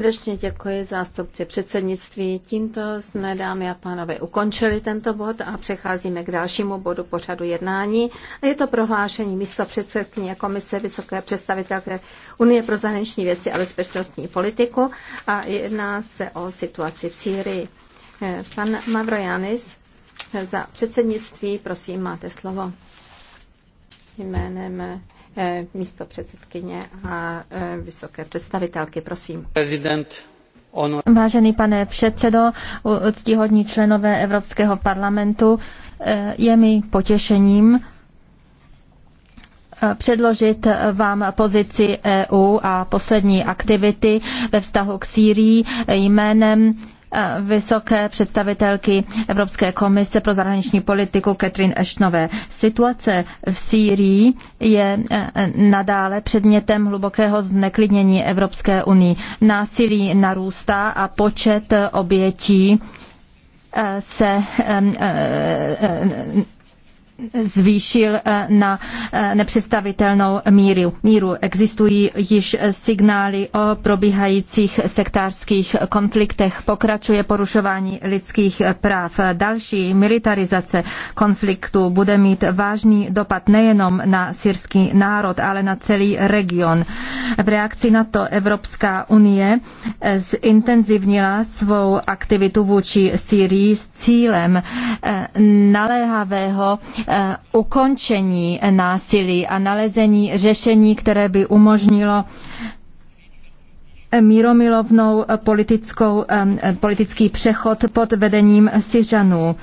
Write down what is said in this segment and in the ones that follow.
Srdečně děkuji zástupci předsednictví. Tímto jsme, dámy a pánové, ukončili tento bod a přecházíme k dalšímu bodu pořadu jednání. A je to prohlášení místo předsedkyně Komise Vysoké představitelky Unie pro zahraniční věci a bezpečnostní politiku a jedná se o situaci v Sýrii. Pan Mavrojanis za předsednictví, prosím, máte slovo. Jménem Eh, místo předsedkyně a eh, vysoké představitelky. Prosím. Prezident. Vážený pane předsedo, ctihodní členové Evropského parlamentu, eh, je mi potěšením předložit vám pozici EU a poslední aktivity ve vztahu k Sýrii jménem Eh, vysoké představitelky Evropské komise pro zahraniční politiku Catherine Ashtonové. Situace v Sýrii je eh, nadále předmětem hlubokého zneklidnění Evropské unii. Násilí narůstá a počet obětí eh, se zvýšil eh, na eh, nepředstavitelnou míru. míru. Existují již eh, signály o probíhajících sektářských konfliktech. Pokračuje porušování lidských práv. Další militarizace konfliktu bude mít vážný dopad nejenom na syrský národ, ale na celý region. V reakci na to Evropská unie zintenzivnila svou aktivitu vůči Syrii s cílem naléhavého ukončení násilí a nalezení řešení, které by umožnilo míromilovnou politickou, politický přechod pod vedením Syřanů.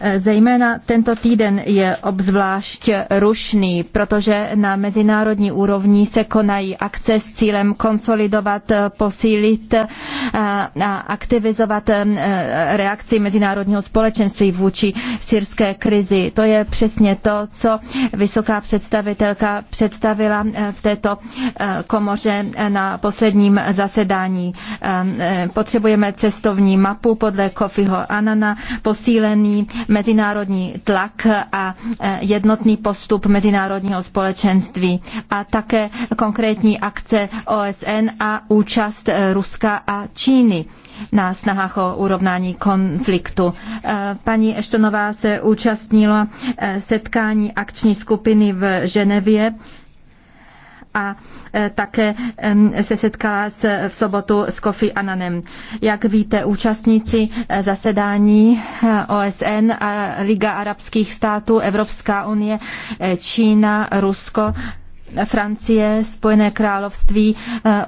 E, zejména tento týden je obzvlášť rušný, protože na mezinárodní úrovni se konají akce s cílem konsolidovat, e, posílit e, a aktivizovat reakci mezinárodního společenství vůči syrské krizi. To je přesně to, co vysoká představitelka představila v této komoře na posledním zasedání zasedání. Ehm, eh, potřebujeme cestovní mapu podle Kofiho Anana, posílený mezinárodní tlak a eh, jednotný postup mezinárodního společenství a také konkrétní akce OSN a účast eh, Ruska a Číny na snahách o urovnání konfliktu. Paní Eštonová se účastnila setkání akční skupiny v Ženevě a e, také se setkala s, v sobotu s Kofi Ananem. Jak víte, účastníci e, zasedání e, OSN a Liga arabských států, Evropská unie, Čína, Rusko Francie, Spojené království,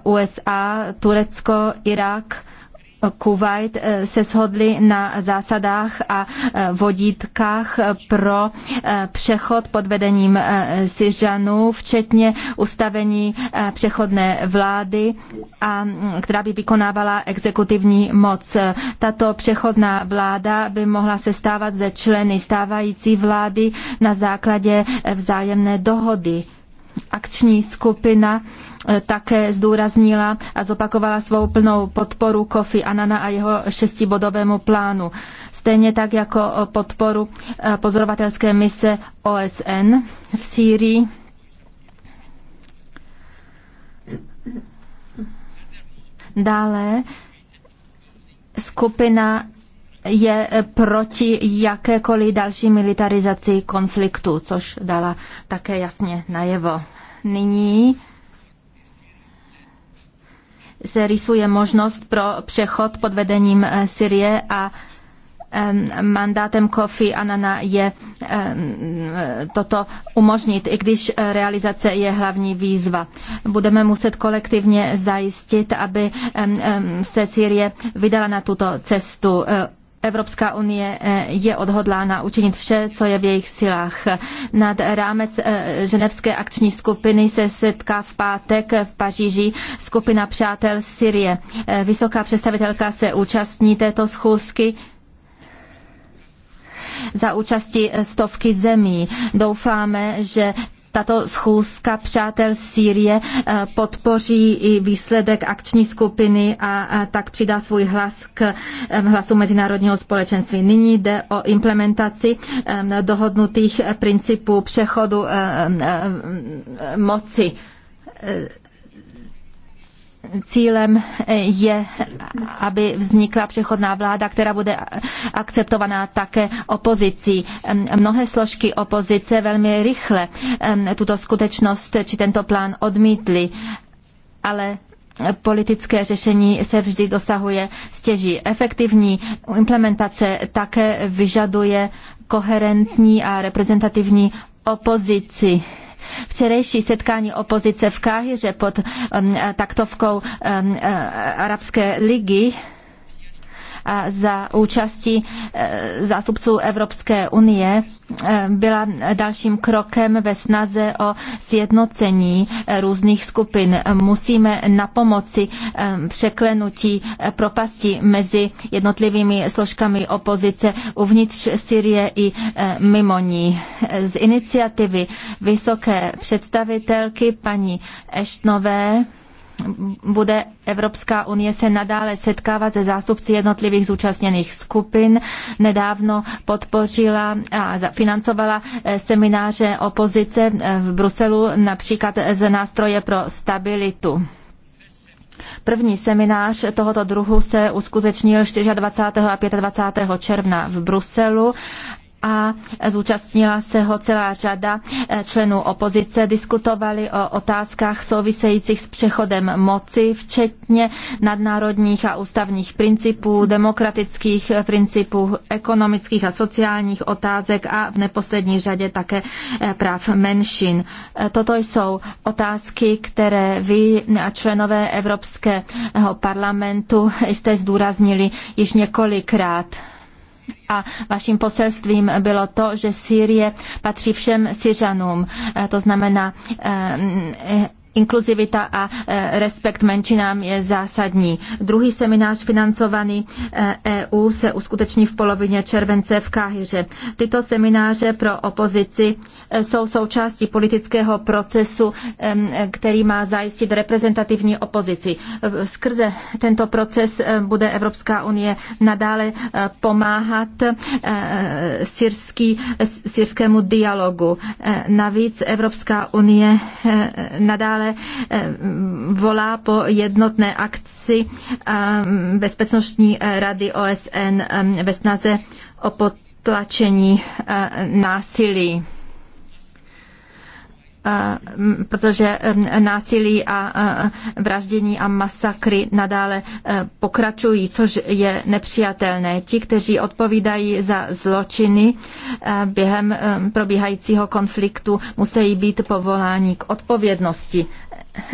USA, Turecko, Irák Kuwait eh, se shodli na zásadách a eh, vodítkách pro eh, přechod pod vedením Syřanů, včetně ustavení přechodné vlády, a, mm, která by vykonávala exekutivní moc. Tato přechodná vláda by mohla se stávat ze členy stávající vlády na základě vzájemné dohody akční skupina eh, také zdůraznila a zopakovala svou plnou podporu Kofi Anana a jeho šestibodovému plánu. Stejně tak jako podporu eh, pozorovatelské mise OSN v Sýrii. Dále skupina je proti jakékoliv další militarizaci konfliktu, což dala také jasně najevo. Nyní se rysuje možnost pro přechod pod vedením eh, Syrie a mandátem Kofi Anana je toto umožnit, i když eh, realizace je hlavní výzva. Budeme muset kolektivně zajistit, aby se Syrie vydala na tuto cestu eh, Evropská unie eh, je odhodlána učinit vše, co je v jejich silách. Nad rámec eh, ženevské akční skupiny se setká v pátek v Paříži skupina přátel Syrie. Eh, vysoká představitelka se účastní této schůzky za účasti stovky zemí. Doufáme, že tato schůzka přátel Sýrie eh, podpoří i výsledek akční skupiny a tak přidá svůj hlas k eh, hlasu mezinárodního společenství. Nyní jde o implementaci eh, dohodnutých principů přechodu moci cílem eh, je, aby vznikla přechodná vláda, která bude akceptovaná také opozicí. Mnohé složky opozice velmi rychle tuto skutečnost či tento plán odmítly, ale politické řešení se vždy dosahuje stěží. Efektivní implementace také vyžaduje koherentní a reprezentativní opozici Včerejší setkání opozice v Káhiře pod um, eh, taktovkou um, eh, Arabské ligy za účasti e, zástupců Evropské unie e, byla dalším krokem ve snaze o sjednocení e, různých skupin. Musíme na pomoci překlenutí propasti mezi jednotlivými složkami opozice uvnitř Syrie i mimo ní. Z iniciativy vysoké představitelky paní Eštnové bude Evropská unie se nadále setkávat se zástupci jednotlivých zúčastněných skupin. Nedávno podpořila a financovala eh, semináře opozice eh, v Bruselu, například z nástroje pro stabilitu. První seminář tohoto druhu se uskutečnil 24. a 25. června v Bruselu a zúčastnila se ho celá řada eh, členů opozice. Diskutovali o otázkách souvisejících s přechodem moci, včetně nadnárodních a ústavních principů, demokratických principů, ekonomických a sociálních otázek a v neposlední řadě také eh, práv menšin. Eh, toto jsou otázky, které vy a členové Evropského parlamentu jste zdůraznili již několikrát a vaším poselstvím bylo to, že Sýrie patří všem Syřanům. E, to znamená e, Inkluzivita a e, respekt menšinám je zásadní. Druhý seminář financovaný EU e se uskuteční v polovině července v Káhyře. Tyto semináře pro opozici e, jsou součástí politického procesu, který má zajistit reprezentativní opozici. Skrze tento proces bude Evropská unie nadále pomáhat syrský, syrskému dialogu. Navíc Evropská unie nadále ale eh, volá po jednotné akci eh, Bezpečnostní eh, rady OSN ve snaze o potlačení násilí protože násilí a vraždění a masakry nadále e, pokračují, což je nepřijatelné. Ti, kteří odpovídají za zločiny e, během e, probíhajícího konfliktu, musí být povoláni k odpovědnosti.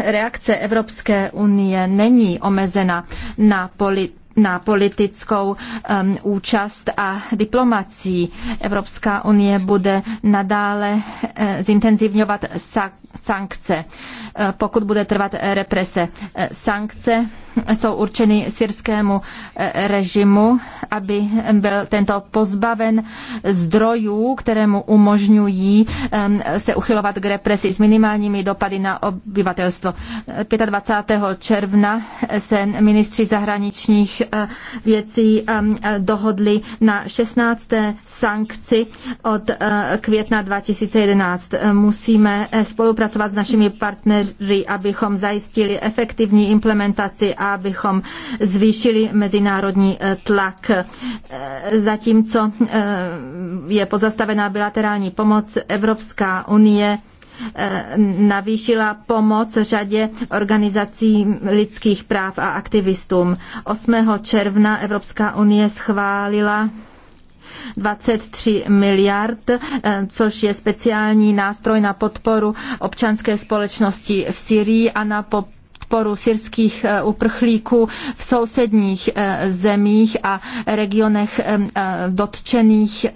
Reakce Evropské unie není omezena na politiku na politickou um, účast a diplomací. Evropská unie bude nadále uh, zintenzivňovat sa- sankce, uh, pokud bude trvat represe. Uh, sankce jsou určeny syrskému eh, režimu, aby byl tento pozbaven zdrojů, které mu umožňují eh, se uchylovat k represi s minimálními dopady na obyvatelstvo. Eh, 25. června se ministři zahraničních věcí dohodli na 16. sankci od května 2011. Musíme spolupracovat s našimi partnery, abychom zajistili efektivní implementaci a abychom zvýšili mezinárodní eh, tlak. Eh, zatímco eh, je pozastavená bilaterální pomoc, Evropská unie navýšila pomoc řadě organizací lidských práv a aktivistům. 8. června Evropská unie schválila 23 miliard, což je speciální nástroj na podporu občanské společnosti v Syrii a na podporu syrských eh, uprchlíků v sousedních eh, zemích a regionech eh, dotčených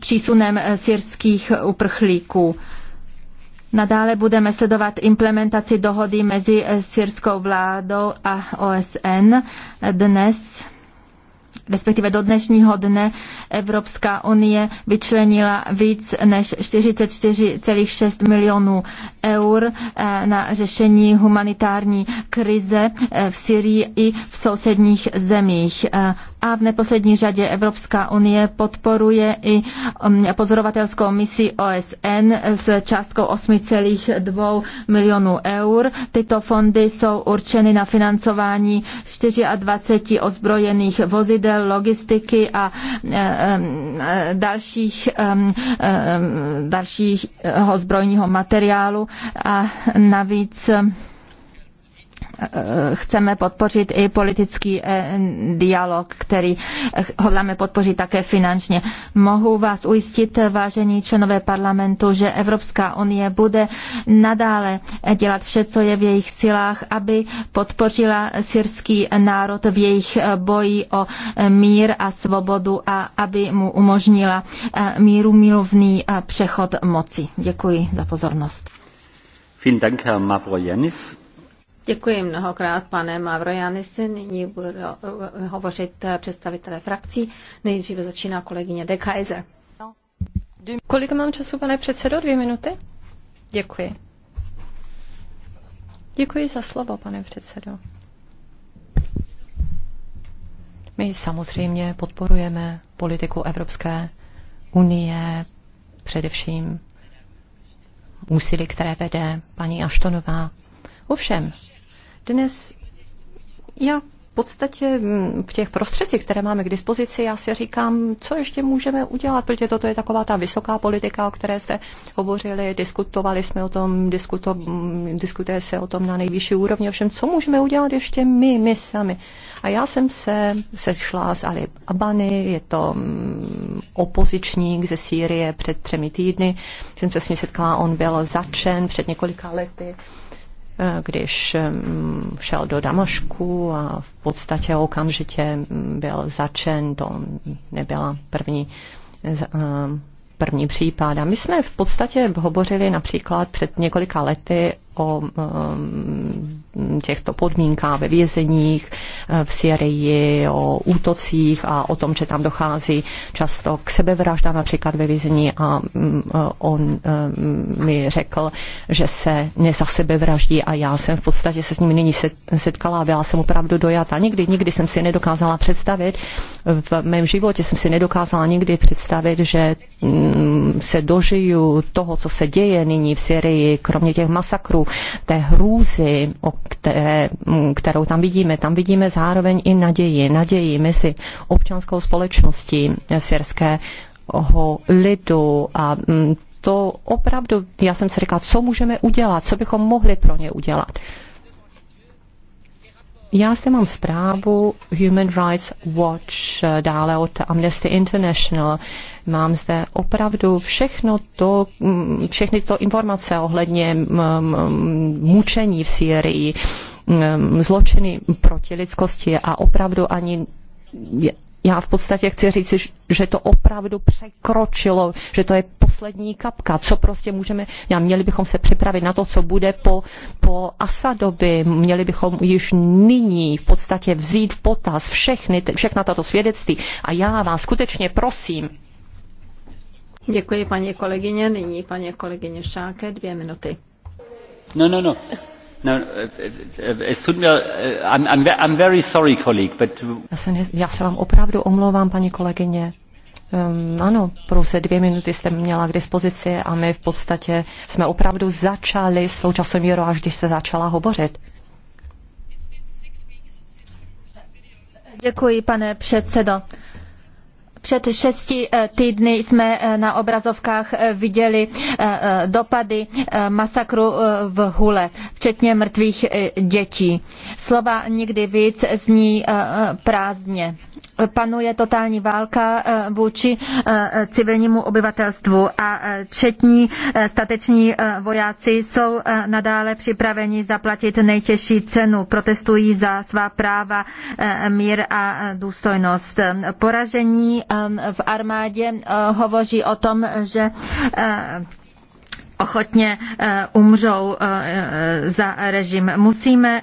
přísunem syrských uprchlíků. Nadále budeme sledovat implementaci dohody mezi syrskou vládou a OSN. Dnes respektive do dnešního dne Evropská unie vyčlenila víc než 44,6 milionů eur eh, na řešení humanitární krize eh, v Syrii i v sousedních zemích. Eh, a v neposlední řadě Evropská unie podporuje i um, pozorovatelskou misi OSN s částkou 8,2 milionů eur. Tyto fondy jsou určeny na financování 24 ozbrojených vozidel, logistiky a eh, eh, dalších, eh, dalšího zbrojního materiálu a navíc Eh, chceme podpořit i politický eh, dialog, který eh, hodláme podpořit také finančně. Mohu vás ujistit, vážení členové parlamentu, že Evropská unie bude nadále dělat vše, co je v jejich silách, aby podpořila syrský národ v jejich boji o mír a svobodu a aby mu umožnila míru milovný přechod moci. Děkuji za pozornost. Vielen Dank, Herr Děkuji mnohokrát, pane Mavrojanisi. Nyní bude hovořit představitelé frakcí. Nejdříve začíná kolegyně De Kaiser. Kolik mám času, pane předsedo? Dvě minuty? Děkuji. Děkuji za slovo, pane předsedo. My samozřejmě podporujeme politiku Evropské unie, především úsilí, které vede paní Aštonová. Ovšem, dnes já v podstatě mm, v těch prostředcích, které máme k dispozici, já si říkám, co ještě můžeme udělat, protože toto je taková ta vysoká politika, o které jste hovořili, diskutovali jsme o tom, diskuto, mm, diskutuje se o tom na nejvyšší úrovni, ovšem, co můžeme udělat ještě my, my sami. A já jsem se sešla s Ali Abany, je to mm, opozičník ze Sýrie před třemi týdny. Jsem se s ním setkala, on byl začen před několika lety když šel do Damašku a v podstatě okamžitě byl začen, to nebyla první, první případ. A my jsme v podstatě hovořili například před několika lety o těchto podmínkách ve vězeních e, v Syrii, o útocích a o tom, že tam dochází často k sebevraždám, například ve vězení a mm, e, on e, mi řekl, že se nezasebevraždí a já jsem v podstatě se s ním nyní setkala a byla jsem opravdu dojata. Nikdy, nikdy jsem si nedokázala představit, v mém životě jsem si nedokázala nikdy představit, že mm, se dožiju toho, co se děje nyní v Syrii, kromě těch masakrů, té hrůzy, o které, kterou tam vidíme, tam vidíme zároveň i naději, naději mezi občanskou společností syrského lidu a mm, to opravdu, já jsem si říkala, co můžeme udělat, co bychom mohli pro ně udělat. Já zde mám zprávu Human Rights Watch, eh, dále od Amnesty International. Mám zde opravdu všechno to, mm, všechny to informace ohledně mm, mm, mučení v Syrii, zločiny proti lidskosti a opravdu ani já v podstatě chci říct, že to opravdu překročilo, že to je poslední kapka, co prostě můžeme, já, měli bychom se připravit na to, co bude po, po Asadovi, měli bychom již nyní v podstatě vzít v potaz všechny, všechna tato svědectví a já vás skutečně prosím, Děkuji paní kolegyně. Nyní paní kolegyně Šáke, dvě minuty. No, no, no. No, I'm, I'm, I'm very sorry, colleague, but... Já se, ne, já se vám opravdu omlouvám, paní kolegyně. Um, ano, pouze dvě minuty jste měla k dispozici a my v podstatě jsme opravdu začali s tou časomírou, až když jste začala hovořit. Děkuji, pane předsedo. Před šesti eh, týdny jsme eh, na obrazovkách eh, viděli dopady masakru v Hule, včetně mrtvých dětí. Slova nikdy víc zní prázdně. Panuje totální válka vůči civilnímu obyvatelstvu a četní stateční vojáci jsou nadále připraveni zaplatit nejtěžší cenu. Protestují za svá práva, mír a důstojnost. Poražení a v armádě eh, hovoří o tom, že eh, ochotně eh, umřou za režim. Musíme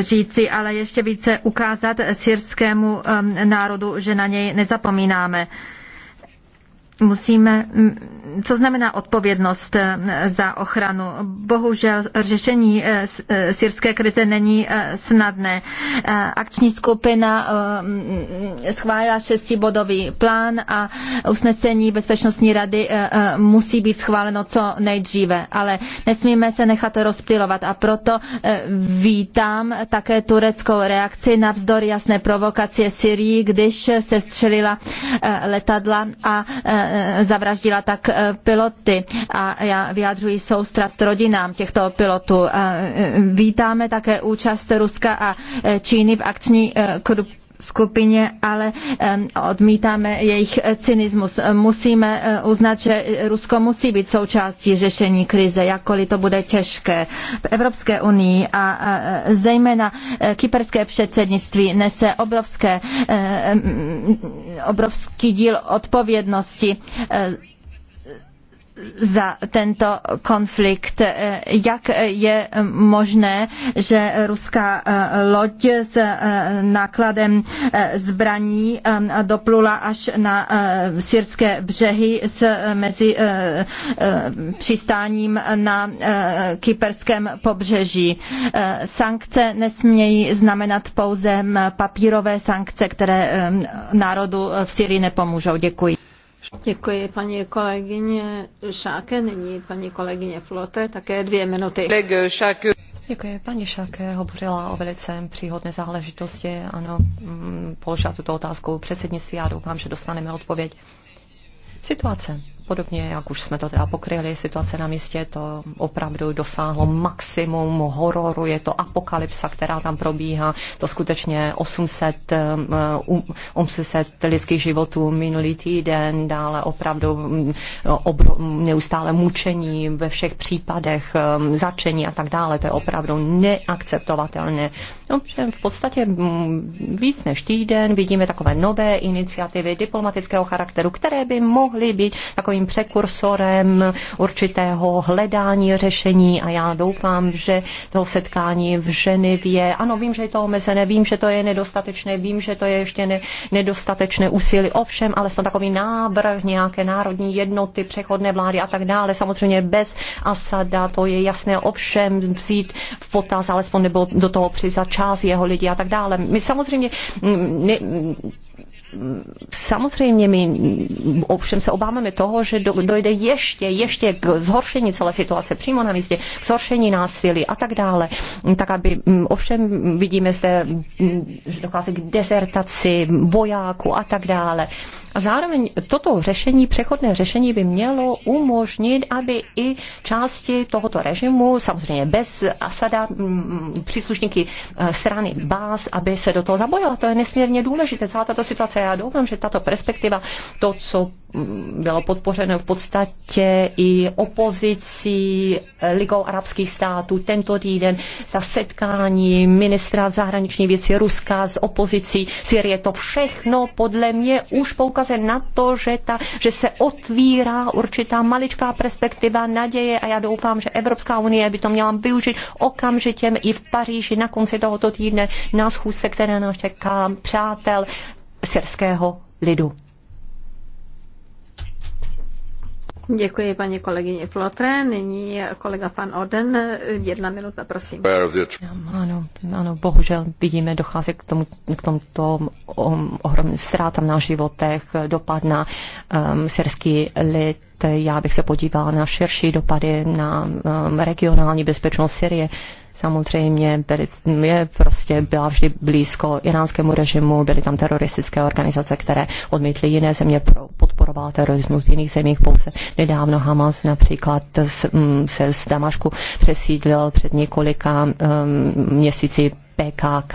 říci, ale ještě více ukázat syrskému národu, že na něj nezapomínáme. Musíme mm, co znamená odpovědnost eh, za ochranu? Bohužel řešení eh, eh, syrské krize není snadné. Akční skupina mm, schválila šestibodový plán a usnesení Bezpečnostní rady musí být schváleno co nejdříve, ale nesmíme se nechat rozptilovat a proto vítám také tureckou reakci navzdory jasné provokaci Syrii, když se střelila letadla a zavraždila tak piloty a já vyjadřuji soustrast rodinám těchto pilotů. E, vítáme také účast Ruska a e, Číny v akční e, skupině, ale odmítáme jejich cynismus. Musíme uznat, že Rusko musí být součástí řešení krize, jakkoliv to bude těžké. V Evropské unii a zejména kyperské předsednictví nese obrovské, obrovský díl odpovědnosti za tento konflikt. Eh, jak je možné, že ruská eh, loď s eh, nákladem zbraní doplula až na syrské břehy s, mezi přistáním na kyperském pobřeží. Sankce nesmějí znamenat pouze papírové sankce, které národu v Syrii nepomůžou. Děkuji. Děkuji paní kolegyně Šáke, nyní paní kolegyně Flotre, také dvě minuty. Děkuji. Paní Šáke hovořila o velice příhodné záležitosti. Ano, mm, položila tuto otázku předsednictví a doufám, že dostaneme odpověď. Situace Podobně, jak už jsme to teda pokryli, situace na místě to opravdu dosáhlo maximum hororu, je to apokalypsa, která tam probíhá, to skutečně 800, um, 800 um, lidských životů minulý týden, dále opravdu um, obro, neustále mučení ve všech případech, um, začení a tak dále, to je opravdu neakceptovatelné. No, v podstatě víc než týden vidíme takové nové iniciativy diplomatického charakteru, které by mohly být takovým takovým prekursorem určitého hledání řešení a já doufám, že toho setkání v Ženevě, ano, vím, že je to omezené, vím, že to je nedostatečné, vím, že to je ještě ne, nedostatečné úsilí, ovšem, jsme takový návrh nějaké národní jednoty, přechodné vlády a tak dále, samozřejmě bez Asada, to je jasné, ovšem vzít v potaz, alespoň nebo do toho přivzat část jeho lidí a tak dále. My samozřejmě mm, ne, samozřejmě my ovšem se obáváme toho, že do, dojde ještě, ještě k zhoršení celé situace přímo na místě, k zhoršení násilí a tak dále. Tak aby ovšem vidíme zde, že dochází k desertaci vojáků a tak dále. A zároveň toto řešení, přechodné řešení by mělo umožnit, aby i části tohoto režimu, samozřejmě bez Asada, příslušníky eh, strany BAS, aby se do toho zabojila. To je nesmírně důležité. Celá tato situace a já doufám, že tato perspektiva, to, co mm, bylo podpořeno v podstatě i opozicí eh, Ligou arabských států tento týden, ta setkání ministra zahraniční věci Ruska s opozicí Syrie, to všechno podle mě už poukazuje na to, že, ta, že se otvírá určitá maličká perspektiva naděje a já doufám, že Evropská unie by to měla využít okamžitě i v Paříži na konci tohoto týdne na schůzce, které nás čeká přátel syrského lidu. Děkuji paní kolegyně Flotre. Nyní kolega Van Oden. Jedna minuta, prosím. Ano, ano bohužel vidíme, dochází k, tomu, k tomto um, um, ohromným ztrátám na životech, dopad na um, syrský lid. Já bych se podívala na širší dopady na um, regionální bezpečnost Syrie samozřejmě byli, je prostě byla vždy blízko iránskému režimu, byly tam teroristické organizace, které odmítly jiné země, pro, podporovala terorismus v jiných zemích pouze. Nedávno Hamas například z, m, mm, se z Damašku přesídlil před několika um, měsíci PKK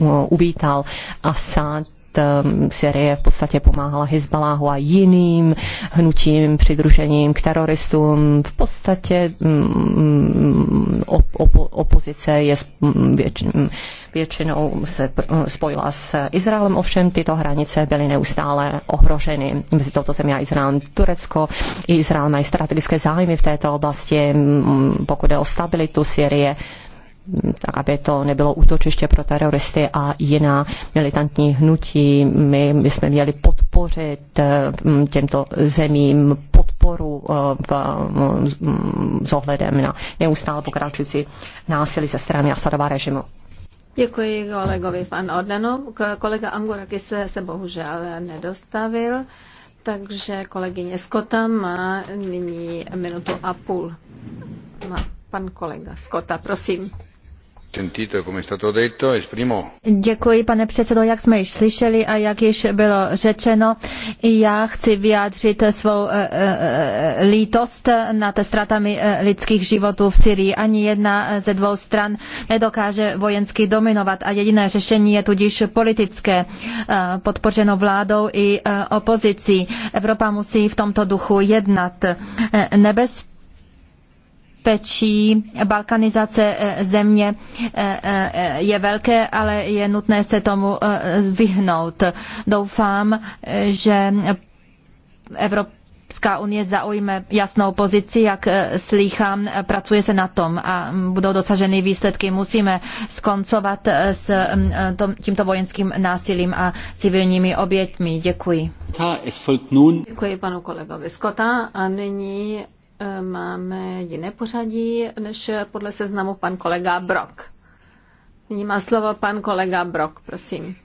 mm, uvítal Assad Um, Syrie v podstatě pomáhala Hezbaláhu a jiným hnutím, přidružením k teroristům. V podstatě mm, mm, opo- opozice je mm, většinou se spojila s Izraelem, ovšem tyto hranice byly neustále ohroženy mezi touto zemí a Izraelem. Turecko i Izrael mají strategické zájmy v této oblasti, pokud je o stabilitu Syrie tak aby to nebylo útočiště pro teroristy a jiná militantní hnutí. My, my jsme měli podpořit eh, těmto zemím podporu eh, v, s ohledem na neustále pokračující násilí ze strany Asadova režimu. Děkuji kolegovi pan Ordenu. Kolega Anguraky se, se bohužel nedostavil, takže kolegyně Skota má nyní minutu a půl. Má pan kolega Skota, prosím. Děkuji, pane předsedo, jak jsme již slyšeli a jak již bylo řečeno, já chci vyjádřit svou eh, eh, lítost nad ztrátami eh, lidských životů v Syrii. Ani jedna ze dvou stran nedokáže vojensky dominovat a jediné řešení je tudíž politické, podpořeno vládou i opozicí. Evropa musí v tomto duchu jednat. Nebezpečí nebezpečí balkanizace eh, země eh, eh, je velké, ale je nutné se tomu vyhnout. Doufám, že Evropská unie zaujme jasnou pozici, jak slýchám, pracuje se na tom a budou dosaženy výsledky. Musíme skoncovat s mm, tímto vojenským násilím a civilními oběťmi. Děkuji. Děkuji panu kolegovi Skota a nyní Máme jiné pořadí než podle seznamu pan kolega Brok. Nyní má slovo pan kolega Brok, prosím.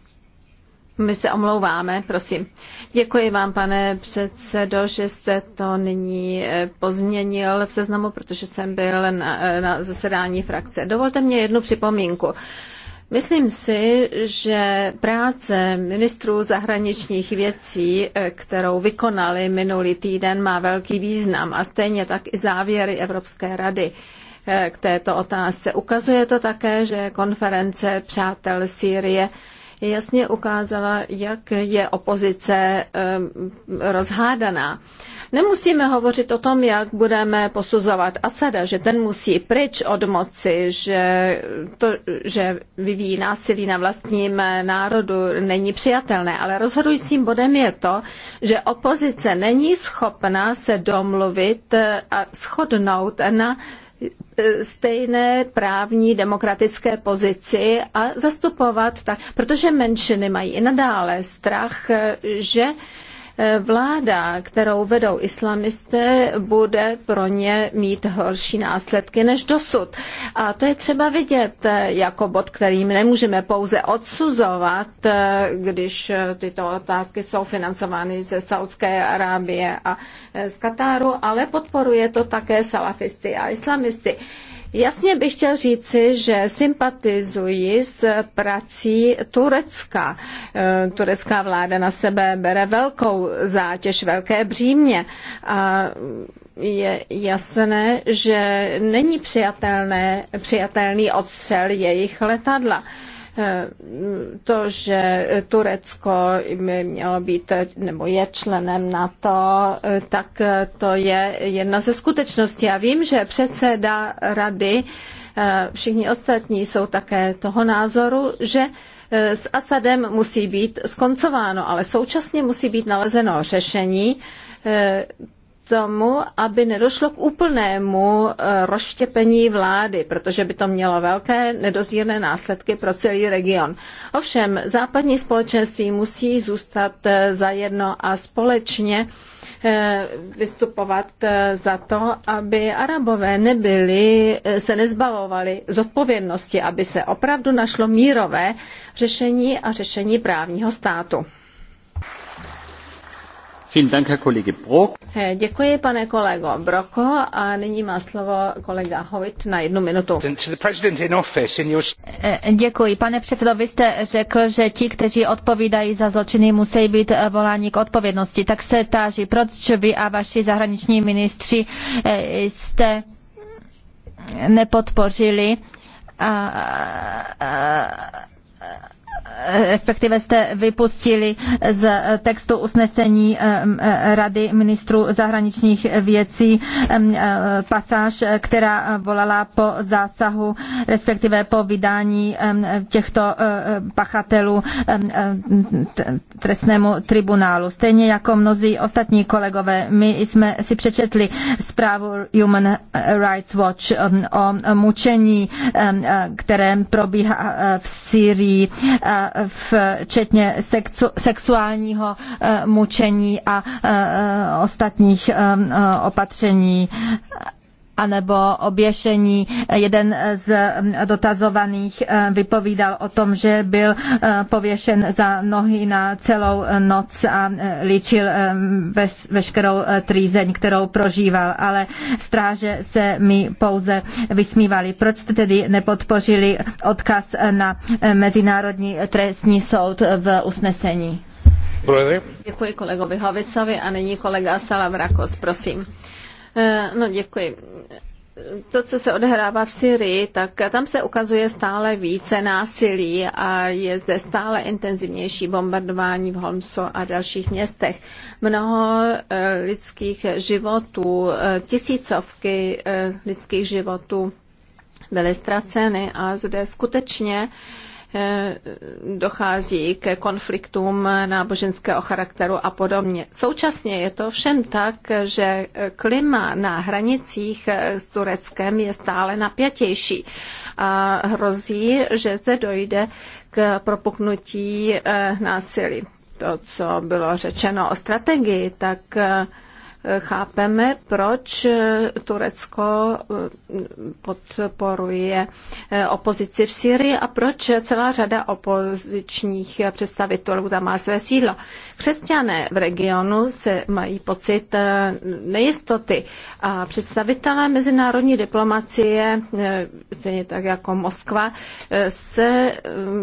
My se omlouváme, prosím. Děkuji vám, pane předsedo, že jste to nyní eh, pozměnil v seznamu, protože jsem byl na, eh, na zasedání frakce. Dovolte mě jednu připomínku. Myslím si, že práce ministrů zahraničních věcí, eh, kterou vykonali minulý týden, má velký význam a stejně tak i závěry Evropské rady eh, k této otázce. Ukazuje to také, že konference Přátel Sýrie jasně ukázala, jak je opozice eh, rozhádaná. Nemusíme hovořit o tom, jak budeme posuzovat Asada, že ten musí pryč od moci, že to, že vyvíjí násilí na vlastním národu, není přijatelné. Ale rozhodujícím bodem je to, že opozice není schopna se domluvit a shodnout na e, stejné právní demokratické pozici a zastupovat tak, protože menšiny mají i nadále strach, e, že Eh, vláda, kterou vedou islamisté, bude pro ně mít horší následky než dosud. A to je třeba vidět eh, jako bod, kterým nemůžeme pouze odsuzovat, eh, když tyto otázky jsou financovány ze Saudské Arábie a z Katáru, ale podporuje to také salafisty a islamisty. Jasně bych chtěl říci, že sympatizuji s prací Turecka. E, turecká vláda na sebe bere velkou zátěž, velké břímě. A je jasné, že není přijatelné, přijatelný odstřel jejich letadla. Eh, to, že Turecko by mělo být eh, nebo je členem NATO, eh, tak to je jedna ze skutečností. Já vím, že předseda rady, všichni ostatní jsou také toho názoru, že s Asadem musí být skoncováno, ale současně musí být nalezeno řešení, tomu, aby nedošlo k úplnému eh, rozštěpení vlády, protože by to mělo velké nedozírné následky pro celý region. Ovšem, západní společenství musí zůstat eh, zajedno a společně eh, vystupovat za to, aby Arabové nebyli, se nezbavovali z odpovědnosti, aby se opravdu našlo mírové řešení a řešení právního státu. Eh, děkuji, pane kolego Broko. A nyní má slovo kolega Howitt na jednu minutu. Eh, děkuji. Pane předsedo, vy jste řekl, že ti, kteří odpovídají za zločiny, musí být eh, voláni k odpovědnosti. Tak se táží, proč vy a vaši zahraniční ministři jste nepodpořili a, a, a, respektive jste vypustili z textu usnesení eh, eh, Rady ministrů zahraničních věcí eh, pasáž, která volala po zásahu, respektive po vydání těchto pachatelů trestnému tribunálu. Stejně jako mnozí ostatní kolegové, my jsme si přečetli zprávu Human Rights Watch o mučení, které probíhá v Syrii včetně sexu, sexuálního eh, mučení a eh, ostatních eh, opatření anebo oběšení. Jeden z mm, dotazovaných eh, vypovídal o tom, že byl eh, pověšen za nohy na celou eh, noc a líčil veškerou trýzeň, kterou prožíval, ale stráže se mi pouze vysmívali. Proč jste tedy nepodpořili odkaz na Mezinárodní trestní soud v usnesení? Děkuji kolegovi Havicovi a nyní kolega Salavrakos, prosím. Eh, no děkuji. To, co se odehrává v Syrii, tak tam se ukazuje stále více násilí a je zde stále intenzivnější bombardování v Holmso a dalších městech. Mnoho eh, lidských životů, eh, tisícovky lidských životů byly ztraceny a zde skutečně uh, Eh, dochází ke konfliktům náboženského charakteru a podobně. Současně je to všem tak, že klima na hranicích s Tureckem je stále napjatější a hrozí, že se dojde k propuknutí eh, násilí. To, co bylo řečeno o strategii, tak eh, chápeme, proč Turecko eh, podporuje eh, opozici v Syrii a proč celá řada opozičních představitelů tam má své sídlo. Křesťané v regionu se mají pocit eh, nejistoty a představitelé mezinárodní diplomacie, stejně tak jako Moskva, se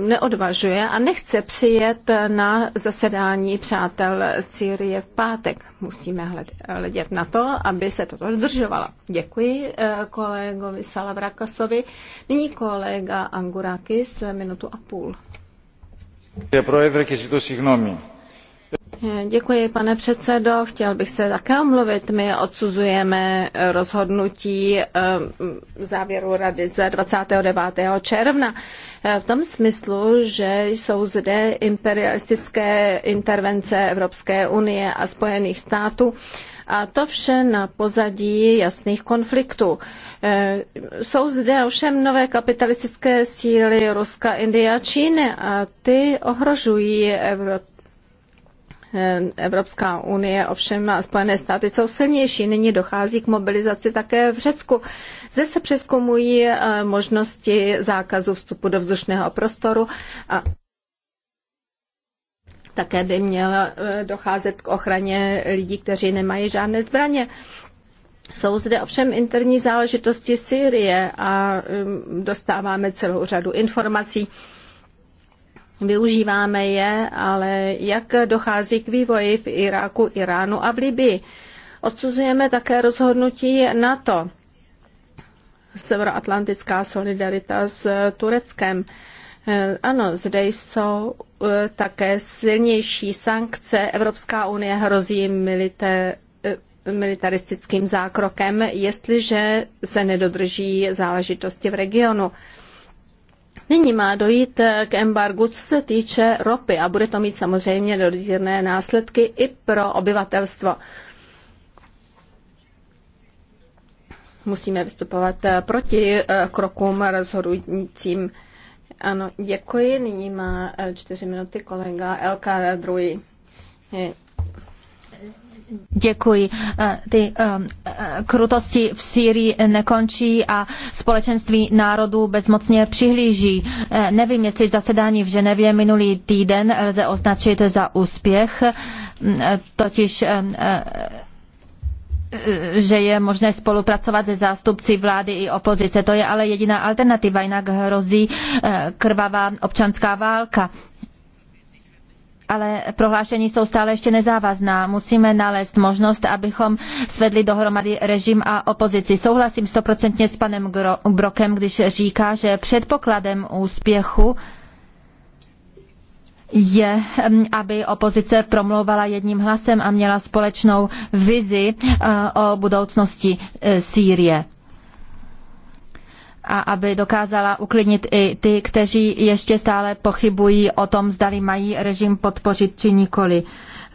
neodvažuje a nechce přijet na zasedání přátel Syrie v pátek. Musíme hledat, ledět na to, aby se toto dodržovalo. Děkuji eh, kolegovi Salavrakosovi. Nyní kolega Angurakis minutu a půl. Eh, děkuji, pane předsedo. Chtěl bych se také omluvit. My odsuzujeme eh, rozhodnutí závěru rady ze 29. června. V tom smyslu, že jsou zde imperialistické intervence Evropské unie a Spojených států a to vše na pozadí jasných konfliktů. E, jsou zde ovšem nové kapitalistické síly Ruska, Indie a Číny a ty ohrožují Evropu. E, Evropská unie, ovšem a Spojené státy jsou silnější. Nyní dochází k mobilizaci také v Řecku. Zde se přeskumují e, možnosti zákazu vstupu do vzdušného prostoru a také by měla eh, docházet k ochraně lidí, kteří nemají žádné zbraně. Jsou zde ovšem interní záležitosti Sýrie a hm, dostáváme celou řadu informací. Využíváme je, ale jak dochází k vývoji v Iráku, Iránu a v Libii. Odsuzujeme také rozhodnutí NATO, Severoatlantická solidarita s Tureckem. Eh, ano, zde jsou eh, také silnější sankce. Evropská unie hrozí milité, eh, militaristickým zákrokem, jestliže se nedodrží záležitosti v regionu. Nyní má dojít k embargu, co se týče ropy a bude to mít samozřejmě dodírné následky i pro obyvatelstvo. Musíme vystupovat proti krokům rozhodujícím ano, děkuji. Nyní má eh, čtyři minuty kolega Elka Druhý. Děkuji. Eh, ty eh, krutosti v Sýrii nekončí a společenství národů bezmocně přihlíží. Nevím, jestli zasedání v Ženevě minulý týden lze označit za úspěch, mm, totiž že je možné spolupracovat se zástupci vlády i opozice. To je ale jediná alternativa, jinak hrozí eh, krvavá občanská válka ale prohlášení jsou stále ještě nezávazná. Musíme nalézt možnost, abychom svedli dohromady režim a opozici. Souhlasím stoprocentně s panem Brokem, když říká, že předpokladem úspěchu je, mm, aby opozice promlouvala jedním hlasem a měla společnou vizi eh, o budoucnosti eh, Sýrie a aby dokázala uklidnit i ty, kteří ještě stále pochybují o tom, zdali mají režim podpořit či nikoli.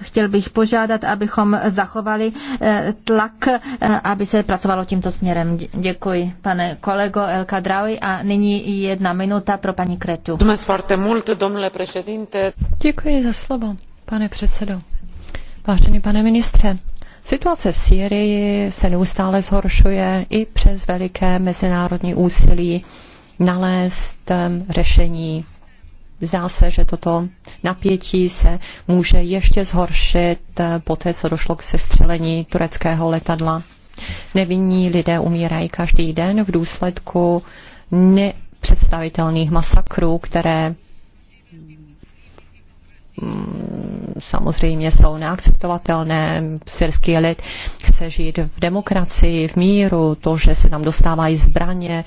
Chtěl bych požádat, abychom zachovali eh, tlak, eh, aby se pracovalo tímto směrem. Děkuji, pane kolego El Kadraui. A nyní jedna minuta pro paní Kretu. Děkuji za slovo, pane předsedo. Vážený pane ministře, Situace v Syrii se neustále zhoršuje i přes veliké mezinárodní úsilí nalézt ehm, řešení. Zdá se, že toto napětí se může ještě zhoršit ehm, po té, co došlo k sestřelení tureckého letadla. Nevinní lidé umírají každý den v důsledku nepředstavitelných masakrů, které mm, samozřejmě jsou neakceptovatelné. Syrský lid chce žít v demokracii, v míru, to, že se tam dostávají zbraně,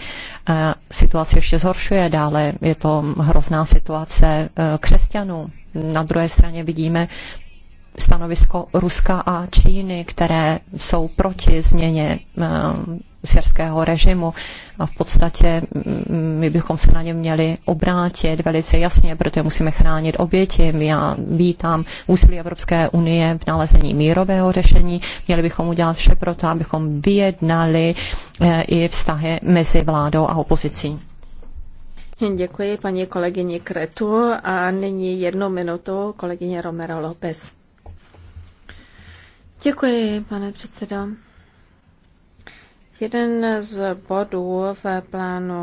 eh, situace ještě zhoršuje dále. Je to hrozná situace eh, křesťanů. Na druhé straně vidíme stanovisko Ruska a Číny, které jsou proti změně eh, syrského režimu. A v podstatě my bychom se na ně měli obrátit velice jasně, protože musíme chránit oběti. Já vítám úsilí Evropské unie v nalezení mírového řešení. Měli bychom udělat vše pro to, abychom vyjednali e, i vztahy mezi vládou a opozicí. Děkuji paní kolegyni Kretu a nyní jednu minutu kolegyně Romero López. Děkuji, pane předsedo. Jeden z bodů v plánu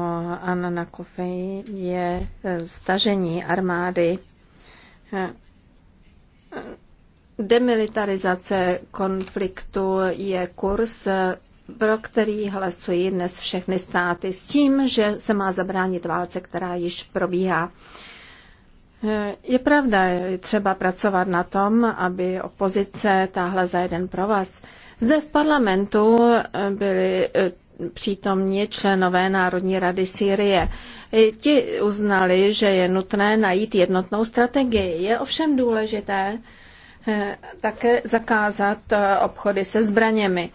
Anna Kofej je eh, stažení armády, eh, demilitarizace konfliktu je kurz, pro který hlasují dnes všechny státy s tím, že se má zabránit válce, která již probíhá. Eh, je pravda, je třeba pracovat na tom, aby opozice táhla za jeden provaz. vás zde v parlamentu eh, byli eh, přítomní členové Národní rady Sýrie. Ti uznali, že je nutné najít jednotnou strategii. Je ovšem důležité eh, také zakázat obchody se zbraněmi.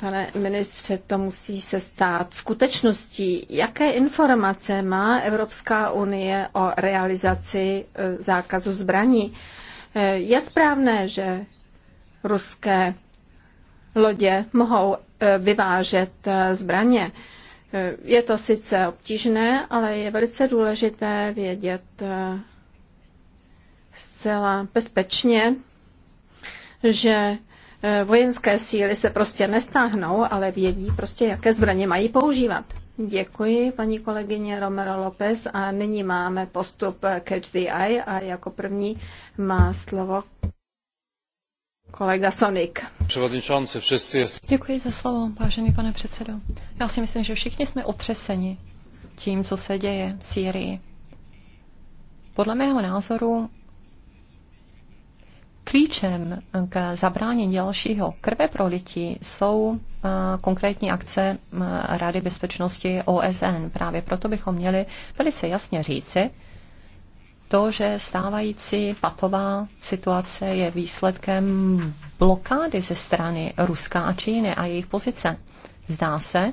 Pane ministře, to musí se stát skutečností. Jaké informace má Evropská unie o realizaci zákazu zbraní? Je správné, že ruské lodě mohou e, vyvážet e, zbraně. E, je to sice obtížné, ale je velice důležité vědět zcela bezpečně, že vojenské síly se prostě nestáhnou, ale vědí prostě, jaké zbraně mají používat. Děkuji, paní kolegyně Romero López. A nyní máme postup Catch the Eye a jako první má slovo Kolega Sonik. Převodničanci, všichni jest... Děkuji za slovo, vážený pane předsedo. Já si myslím, že všichni jsme otřeseni tím, co se děje v Sýrii. Podle mého názoru klíčem k zabránění dalšího krve jsou eh, konkrétní akce eh, Rady bezpečnosti OSN. Právě proto bychom měli velice jasně říci, to, že stávající patová situace je výsledkem blokády ze strany Ruska a Číny a jejich pozice. Zdá se,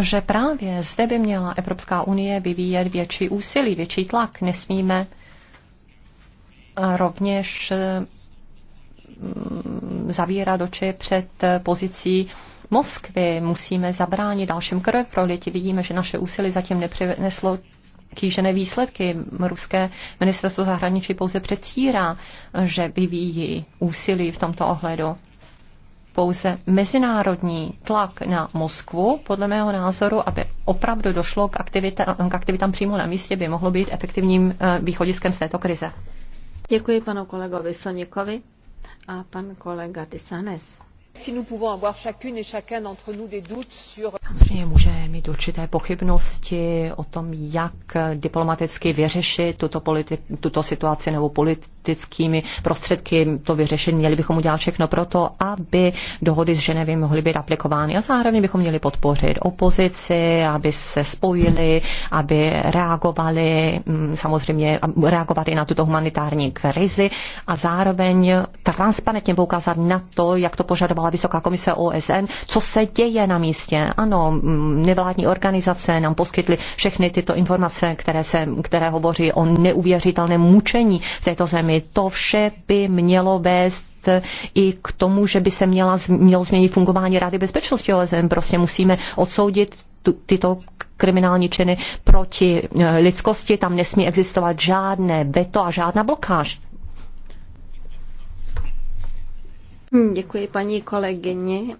že právě zde by měla Evropská unie vyvíjet větší úsilí, větší tlak. Nesmíme rovněž mm, zavírat oči před pozicí Moskvy. Musíme zabránit dalším krok pro děti. Vidíme, že naše úsilí zatím nepřineslo kýžené výsledky. Ruské ministerstvo zahraničí pouze předstírá, že vyvíjí úsilí v tomto ohledu. Pouze mezinárodní tlak na Moskvu, podle mého názoru, aby opravdu došlo k, aktivita, k aktivitám přímo na místě, by mohlo být efektivním eh, východiskem z této krize. Děkuji panu kolegovi Sonikovi a pan kolega Disanes si nous pouvons avoir chacune et chacun d'entre nous des doutes sur Samozřejmě můžeme mít určité pochybnosti o tom, jak diplomaticky vyřešit tuto, politi- tuto situaci nebo politi- diplomatickými prostředky to vyřešit. Měli bychom udělat všechno pro to, aby dohody s Ženevy mohly být aplikovány a zároveň bychom měli podpořit opozici, aby se spojili, aby reagovali, mm, samozřejmě reagovat i na tuto humanitární krizi a zároveň transparentně poukázat na to, jak to požadovala Vysoká komise OSN, co se děje na místě. Ano, mm, nevládní organizace nám poskytly všechny tyto informace, které, se, které hovoří o neuvěřitelném mučení v této zemi to vše by mělo vést i k tomu, že by se měla, mělo změnit fungování Rady bezpečnosti OSN. Prostě musíme odsoudit tu, tyto kriminální činy proti eh, lidskosti. Tam nesmí existovat žádné veto a žádná blokáž. Děkuji paní kolegyni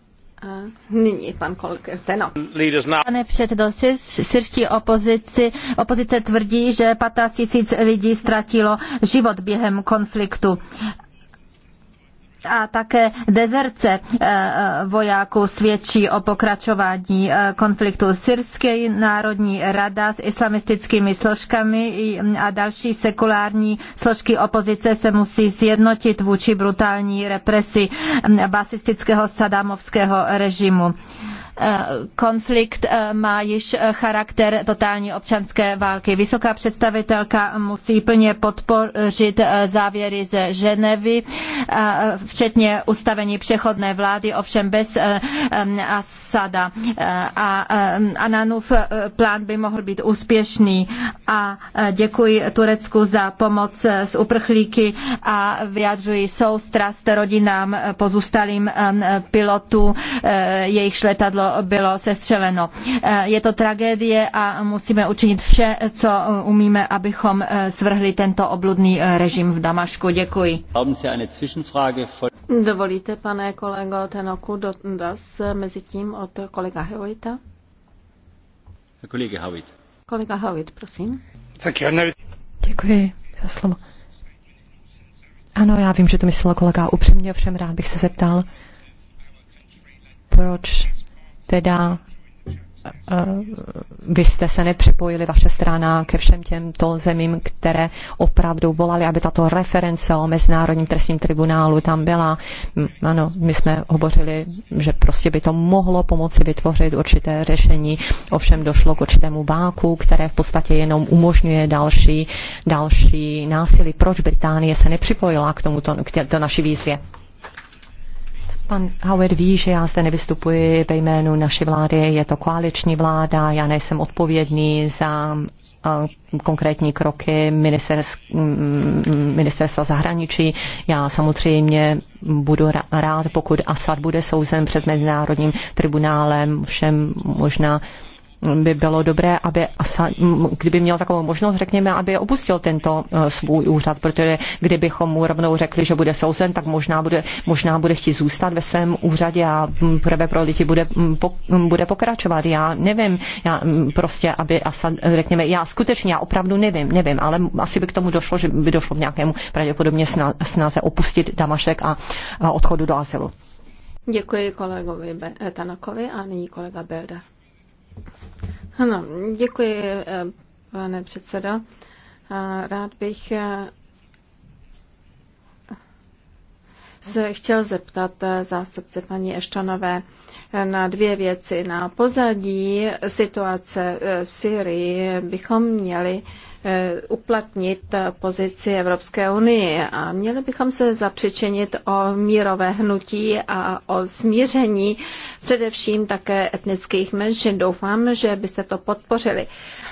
Nyní pan kolega Teno. Pane předsedo, syrští opozici, opozice tvrdí, že 15 tisíc lidí ztratilo život během konfliktu a také dezerce eh, eh, vojáků svědčí o pokračování eh, konfliktu. Syrské národní rada s islamistickými složkami mm, a další sekulární složky opozice se musí sjednotit vůči brutální represi mm, basistického sadámovského režimu konflikt eh, má již eh, charakter totální občanské války. Vysoká představitelka musí plně podpořit eh, závěry ze Ženevy, včetně ustavení přechodné vlády, ovšem bez Asada. A Ananův plán by mohl být úspěšný. A děkuji Turecku za pomoc s uprchlíky a vyjadřuji soustrast rodinám pozůstalým pilotů, jejichž letadlo bylo sestřeleno. E, je to tragédie a musíme učinit vše, co umíme, abychom e, svrhli tento obludný e, režim v Damašku. Děkuji. Dovolíte, pane kolego Tenoku, dotaz mezi tím od kolega Hewita? Kolega Howitt. Kolega Howitt, prosím. Tak já nevím. Děkuji za slovo. Ano, já vím, že to myslel kolega upřímně, ovšem rád bych se zeptal, proč teda eh, eh, vy jste se nepřipojili, vaše strana, ke všem těmto zemím, které opravdu volali, aby tato reference o Mezinárodním trestním tribunálu tam byla. Ano, my jsme hovořili, že prostě by to mohlo pomoci vytvořit určité řešení, ovšem došlo k určitému váku, které v podstatě jenom umožňuje další, další násilí. Proč Británie se nepřipojila k tomuto, k té, naší výzvě? Pan Howard ví, že já zde nevystupuji ve jménu naší vlády, je to koaliční vláda, já nejsem odpovědný za konkrétní kroky mm, ministerstva zahraničí. Já samozřejmě budu rád, pokud Assad bude souzen před Mezinárodním tribunálem, všem možná by bylo dobré, aby kdyby měl takovou možnost, řekněme, aby opustil tento eh, svůj úřad, protože kdybychom mu rovnou řekli, že bude souzen, tak možná bude, možná bude chtít zůstat ve svém úřadě a prvé pro lidi bude, bude pokračovat. Já nevím, já prostě, aby Asad, řekněme, já skutečně, já opravdu nevím, nevím, ale asi by k tomu došlo, že by došlo k nějakému pravděpodobně snaze opustit Damašek a, a odchodu do azylu. Děkuji kolegovi Tanakovi a nyní kolega Belda. Ano, děkuji, eh, pane předsedo. Rád bych eh, se chtěl zeptat eh, zástupce paní Eštonové na dvě věci. Na pozadí situace v Syrii bychom měli Eh, uplatnit pozici Evropské unie a měli bychom se zapřičenit o mírové hnutí a o smíření především také etnických menšin. Doufám, že byste to podpořili.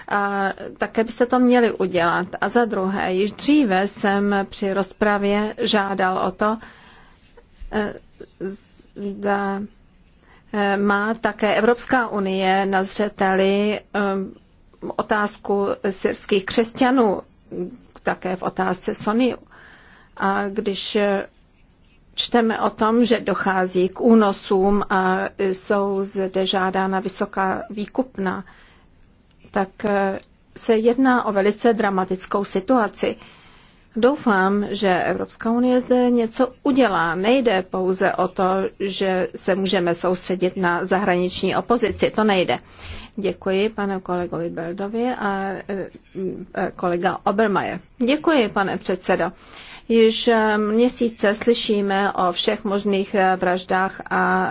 A také byste to měli udělat. A za druhé, již dříve jsem při rozpravě žádal o to, eh, zda eh, má také Evropská unie na zřeteli otázku syrských křesťanů, také v otázce Sony. A když čteme o tom, že dochází k únosům a jsou zde žádána vysoká výkupna, tak se jedná o velice dramatickou situaci. Doufám, že Evropská unie zde něco udělá. Nejde pouze o to, že se můžeme soustředit na zahraniční opozici. To nejde. Děkuji panu kolegovi Beldovi a e, e, kolega Obermajer. Děkuji, pane předsedo. Již e, měsíce slyšíme o všech možných vraždách a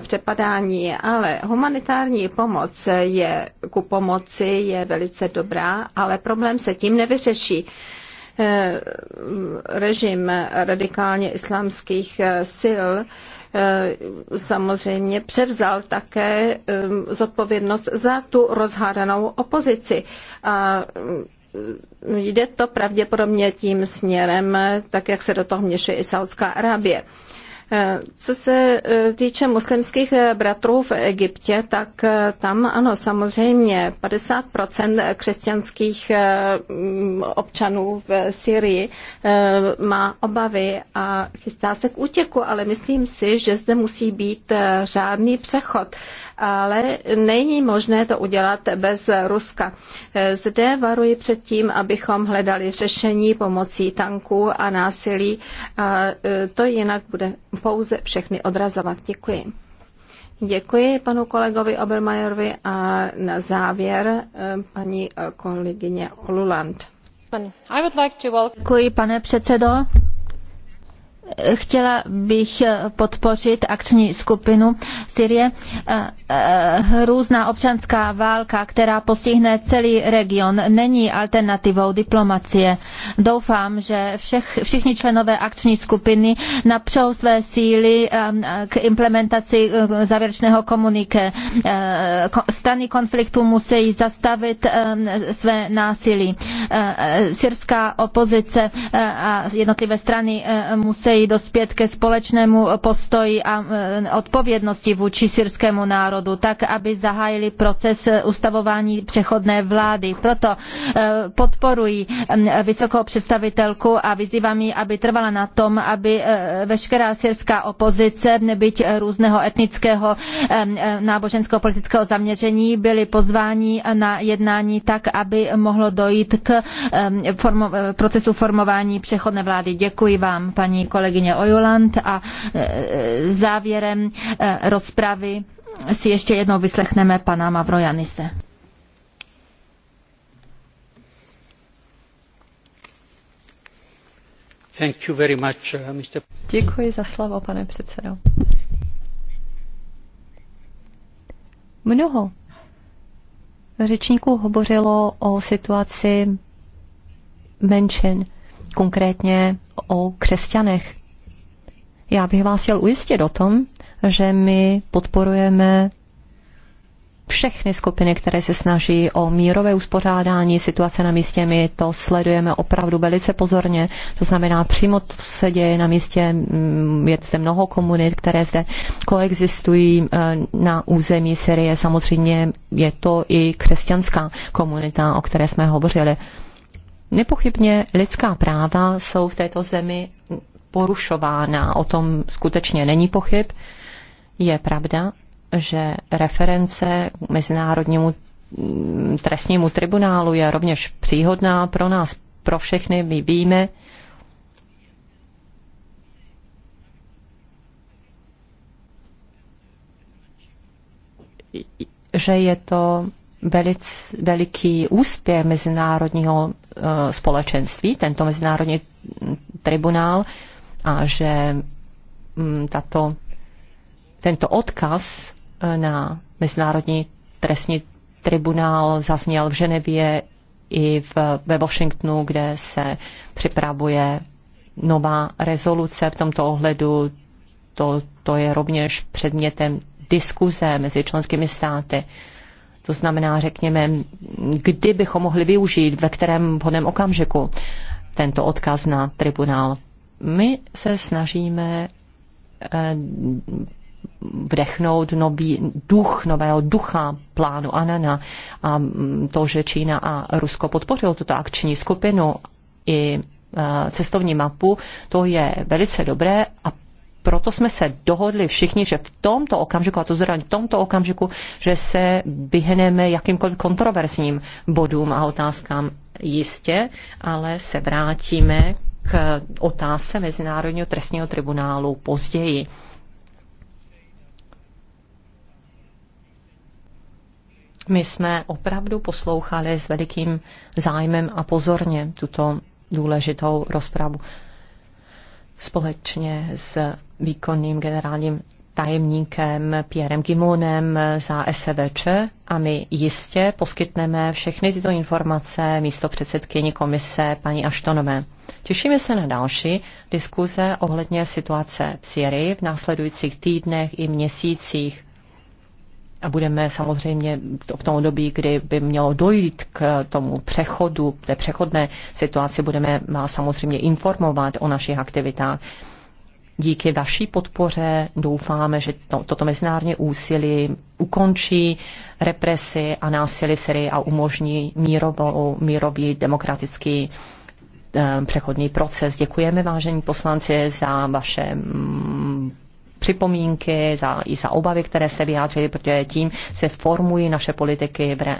přepadání, ale humanitární pomoc je ku pomoci je velice dobrá, ale problém se tím nevyřeší režim radikálně islámských sil Eh, samozřejmě převzal také eh, zodpovědnost za tu rozhádanou opozici. A eh, jde to pravděpodobně tím směrem, tak jak se do toho měší i Saudská Arábie. Co se e, týče muslimských e, bratrů v Egyptě, tak e, tam ano, samozřejmě 50 křesťanských občanů v Syrii má obavy a chystá se k útěku, ale myslím si, že zde musí být řádný přechod ale není možné to udělat bez Ruska. Zde varuji před tím, abychom hledali řešení pomocí tanků a násilí. A e, to jinak bude pouze všechny odrazovat. Děkuji. Děkuji panu kolegovi Obermajerovi a na závěr e, paní e, kolegyně Oluland. Děkuji, pane předsedo. Chtěla bych podpořit akční skupinu Syrie hrůzná eh, eh, občanská válka, která postihne celý region, není alternativou diplomacie. Doufám, že všech, všichni členové akční skupiny napřou své síly eh, k implementaci závěrečného komunike. Stany konfliktu musí zastavit své násilí. Syrská opozice a jednotlivé strany musí dospět ke společnému postoji a odpovědnosti vůči syrskému národu národu, tak aby zahájili proces ustavování přechodné vlády. Proto eh, podporuji mm, vysokou představitelku a vyzývám ji, aby trvala na tom, aby eh, veškerá syrská opozice, nebyť různého etnického, mm, eh, náboženského, politického zaměření, byli pozváni na jednání tak, aby mohlo dojít k mm, procesu formování přechodné vlády. Děkuji vám, paní kolegyně Ojuland. A závěrem rozpravy si ještě jednou vyslechneme pana Mavrojanise. Thank you very much, uh, Mr. Děkuji za slovo, pane předsedo. Mnoho řečníků hovořilo o situaci menšin, konkrétně o křesťanech. Já bych vás chtěl ujistit o tom, že my podporujeme všechny skupiny, které se snaží o mírové uspořádání situace na místě. My to sledujeme opravdu velice pozorně. To znamená, přímo to se děje na místě. Mm, je zde mnoho komunit, které zde koexistují eh, na území Syrie. Samozřejmě je to i křesťanská komunita, o které jsme hovořili. Nepochybně lidská práva jsou v této zemi porušována. O tom skutečně není pochyb. Je pravda, že reference k Mezinárodnímu trestnímu tribunálu je rovněž příhodná pro nás, pro všechny. My víme, že je to velic, veliký úspěch mezinárodního eh, společenství, tento mezinárodní tribunál, a že mm, tato tento odkaz e, na Mezinárodní trestní tribunál zazněl v Ženevě i v, ve Washingtonu, kde se připravuje nová rezoluce v tomto ohledu. To, to je rovněž předmětem diskuze mezi členskými státy. To znamená, řekněme, kdy bychom mohli využít, ve kterém vhodném okamžiku tento odkaz na tribunál. My se snažíme e, vdechnout nový duch, nového ducha plánu Anana a mm, to, že Čína a Rusko podpořilo tuto akční skupinu i e, cestovní mapu, to je velice dobré a proto jsme se dohodli všichni, že v tomto okamžiku, a to zrovna v tomto okamžiku, že se vyhneme jakýmkoliv kontroverzním bodům a otázkám jistě, ale se vrátíme k otázce Mezinárodního trestního tribunálu později. My jsme opravdu poslouchali s velikým zájmem a pozorně tuto důležitou rozpravu společně s výkonným generálním tajemníkem Pierrem Gimonem za SVČ a my jistě poskytneme všechny tyto informace místo předsedkyni komise paní Aštonové. Těšíme se na další diskuze ohledně situace v Syrii v následujících týdnech i měsících a budeme samozřejmě v tom období, kdy by mělo dojít k tomu přechodu, té přechodné situaci, budeme vás samozřejmě informovat o našich aktivitách. Díky vaší podpoře doufáme, že to, toto mezinárodní úsilí ukončí represi a násilí v Syrii a umožní mírovou, mírový demokratický eh, přechodný proces. Děkujeme, vážení poslanci, za vaše mm, připomínky, za, i za obavy, které jste vyjádřili, protože tím se formují naše politiky v re,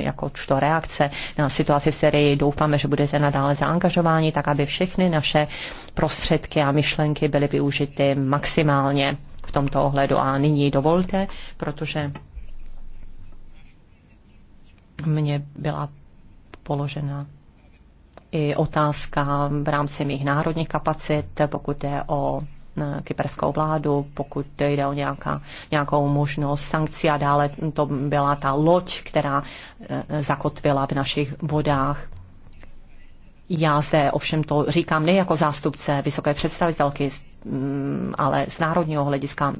jako čto reakce na situaci v Syrii. Doufáme, že budete nadále zaangažováni, tak aby všechny naše prostředky a myšlenky byly využity maximálně v tomto ohledu. A nyní dovolte, protože mně byla položena i otázka v rámci mých národních kapacit, pokud je o kyperskou vládu, pokud jde o nějaká, nějakou možnost sankcí a dále to byla ta loď, která e, zakotvila v našich vodách. Já zde ovšem to říkám ne jako zástupce vysoké představitelky, mm, ale z národního hlediska.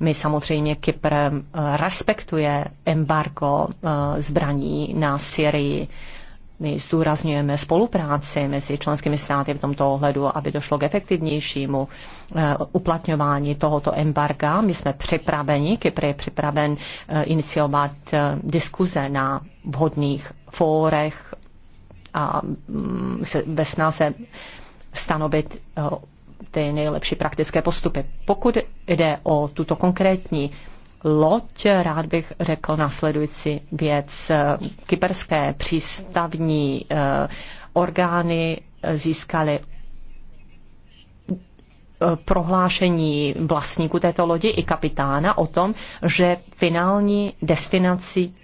My samozřejmě Kypr e, respektuje embargo e, zbraní na Syrii. My zdůrazňujeme spolupráci mezi členskými státy v tomto ohledu, aby došlo k efektivnějšímu Eh, uplatňování tohoto embarga. My jsme připraveni, Kypr je připraven eh, iniciovat eh, diskuze na vhodných fórech a mm, se, ve snaze stanovit ty nejlepší praktické postupy. Pokud jde o tuto konkrétní loď, rád bych řekl následující věc. Kyperské přístavní orgány získaly Eh, prohlášení vlastníku této lodi i kapitána o tom, že finální destinací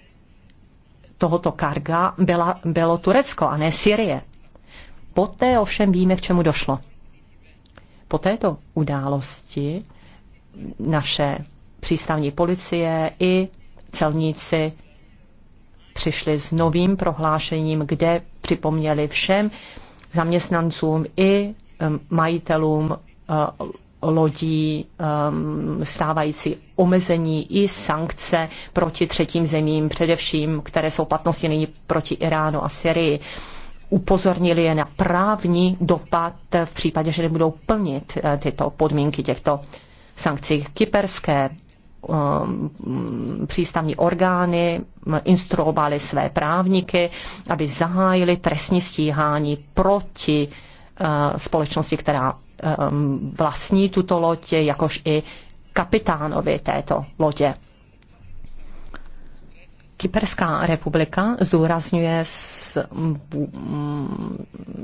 tohoto karga byla, bylo Turecko a ne Syrie. Poté ovšem víme, k čemu došlo. Po této události naše přístavní policie i celníci přišli s novým prohlášením, kde připomněli všem zaměstnancům i majitelům Eh, lodí eh, stávající omezení i sankce proti třetím zemím, především, které jsou platnosti nyní proti Iránu a Syrii. Upozornili je na právní dopad v případě, že nebudou plnit eh, tyto podmínky těchto sankcí. Kyperské přístavní orgány instruovaly své právníky, aby zahájili trestní stíhání proti společnosti, která Um, vlastní tuto loď, jakož i kapitánovi této lodě. Kyperská republika zdůrazňuje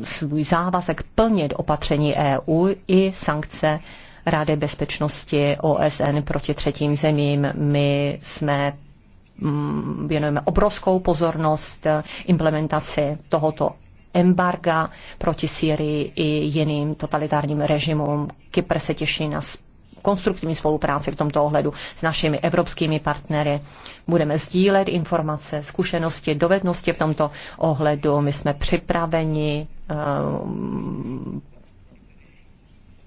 svůj závazek plnit opatření EU i sankce Rady bezpečnosti OSN proti třetím zemím. My jsme věnujeme obrovskou pozornost eh, implementaci tohoto embarga proti Syrii i jiným totalitárním režimům. Kypr se těší na konstruktivní spolupráci v tomto ohledu s našimi evropskými partnery. Budeme sdílet informace, zkušenosti, dovednosti v tomto ohledu. My jsme připraveni eh,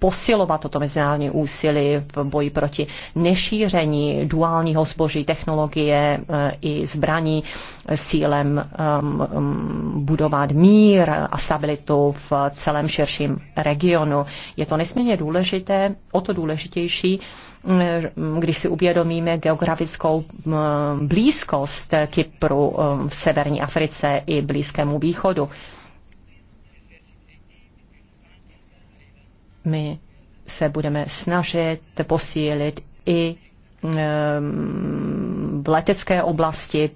posilovat toto mezinárodní úsilí v boji proti nešíření duálního zboží, technologie eh, i zbraní sílem ehm, ehm, budovat mír a stabilitu v celém širším regionu. Je to nesmírně důležité, o to důležitější, ehm, když si uvědomíme geografickou blízkost Kypru v severní Africe i Blízkému východu. My se budeme snažit posílit i v letecké oblasti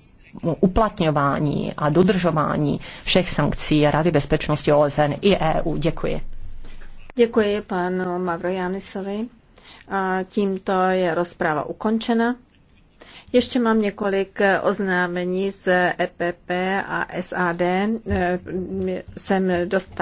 uplatňování a dodržování všech sankcí Rady bezpečnosti OSN i EU. Děkuji. Děkuji panu Mavrojanisovi. A tímto je rozpráva ukončena. Ještě mám několik oznámení z EPP a SAD. Jsem dostal